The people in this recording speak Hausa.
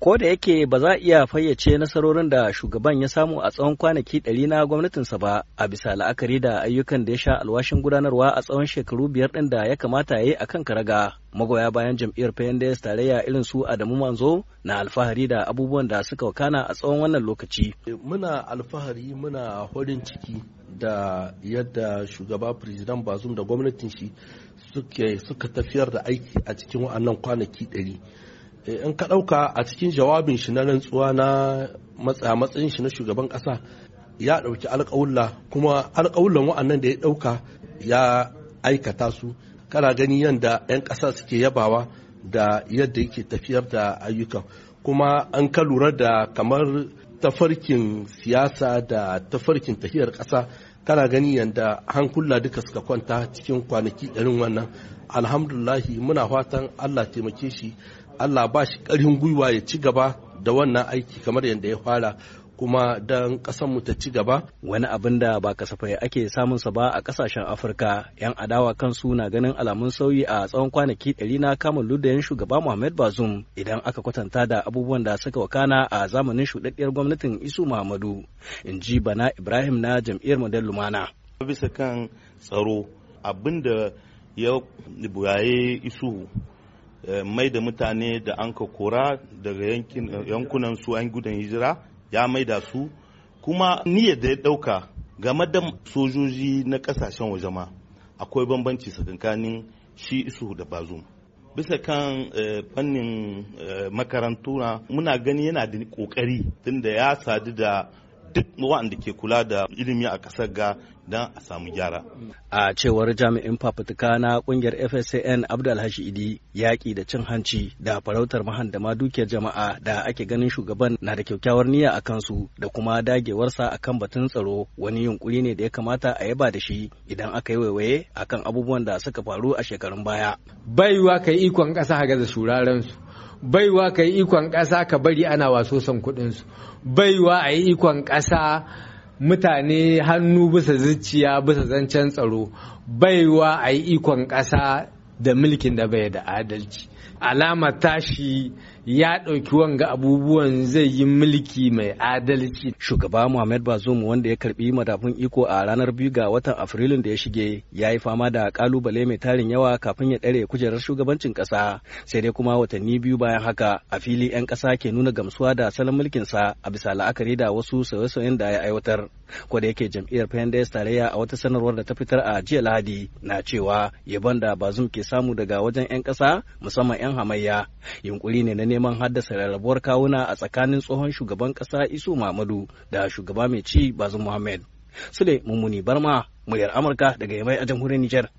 Ko da yake ba za a iya fayyace nasarorin da shugaban ya samu a tsawon kwanaki ɗari na gwamnatinsa ba a bisa la'akari da ayyukan da ya sha alwashin gudanarwa a tsawon shekaru biyar ɗin da ya kamata ya yi a kan karaga. Magoya bayan jam'iyyar PNDS tarayya irin su Adamu Manzo na alfahari da abubuwan da suka wakana a tsawon wannan lokaci. Muna alfahari muna horin ciki da yadda shugaba president Bazum da gwamnatin shi suka tafiyar da aiki a cikin wa'annan kwanaki ɗari. Eh, in ka ɗauka a cikin jawabin shi na rantsuwa na matsayin shi na shugaban ƙasa ya ɗauki alƙawulla kuma alƙawullan wa'annan da ya ɗauka ya aikata su kana gani yadda 'yan ƙasa suke yabawa da yadda yake tafiyar da ayyuka kuma an ka lura da kamar tafarkin siyasa da tafarkin tafiyar ƙasa kana gani yadda hankula duka suka kwanta cikin kwanaki ɗarin wannan alhamdulahi muna fatan allah taimake shi Allah ba shi ƙarfin gwiwa ya ci gaba da wannan aiki kamar yadda ya fara kuma don mu ta ci gaba. Wani abin da ba kasafai ake samun sa ba a kasashen Afirka, 'yan adawa kansu na ganin alamun sauyi a tsawon kwanaki ɗari na kamun ludayen shugaba Muhammad Bazoum idan aka kwatanta da abubuwan da suka wakana a zamanin shuɗaɗɗiyar gwamnatin Isu Muhammadu, in ji Bana Ibrahim na jam'iyyar Model Lumana. Bisa kan tsaro abin da ya buyaye Isu Eh, mai da mutane da an ka kora daga eh, yankunan su an gudan hijira ya maida su kuma niyyar da ya dauka game da sojoji na kasashen waje ma akwai bambanci tsakanin shi isu da bazum bisa kan eh, fannin makarantuna muna gani yana da kokari tunda ya sadu da duk da ke kula da ilimi a ƙasar ga don a samu gyara. A cewar jami'in fafutuka na ƙungiyar FSAN Abdulhashi Idi yaƙi da cin hanci da farautar mahandama dukiyar jama'a da ake ganin shugaban na da kyakkyawar niyya a kansu da kuma dagewarsa a kan batun tsaro wani yunkuri ne da ya kamata a yaba da shi idan aka yi waiwaye kan abubuwan da suka faru a shekarun baya. Baiwa ka yi ikon ƙasa ga da shuraren baiwa ka yi ikon ƙasa ka bari ana waso son kuɗinsu baiwa a yi ikon ƙasa mutane hannu bisa zuciya bisa zancen tsaro baiwa a yi ikon ƙasa da mulkin da bai da adalci alamar tashi ya ɗauki wanga abubuwan zai yi mulki mai adalci. Shugaba Muhammad Bazoum wanda ya karbi madafin iko a ranar biyu ga watan Afrilun da ya shige ya yi fama da kalubale mai tarin yawa kafin ya ɗare kujerar shugabancin ƙasa sai dai kuma watanni biyu bayan haka a fili 'yan ƙasa ke nuna gamsuwa da salon mulkin sa a bisa la'akari da wasu sauye-sauyen da ya aiwatar. Ko da yake jam'iyyar PNDS tarayya a wata sanarwar da ta fitar a jiya Lahadi na cewa yabon da Bazoum ke samu daga wajen 'yan ƙasa musamman 'yan hamayya yunkuri ne na neman haddasa rarrabuwar kawuna a tsakanin tsohon shugaban ƙasa isu mamadu da shugaba mai ci bazum muhammad sule mummuni barma muryar amurka daga yamai a jamhuriyar nijar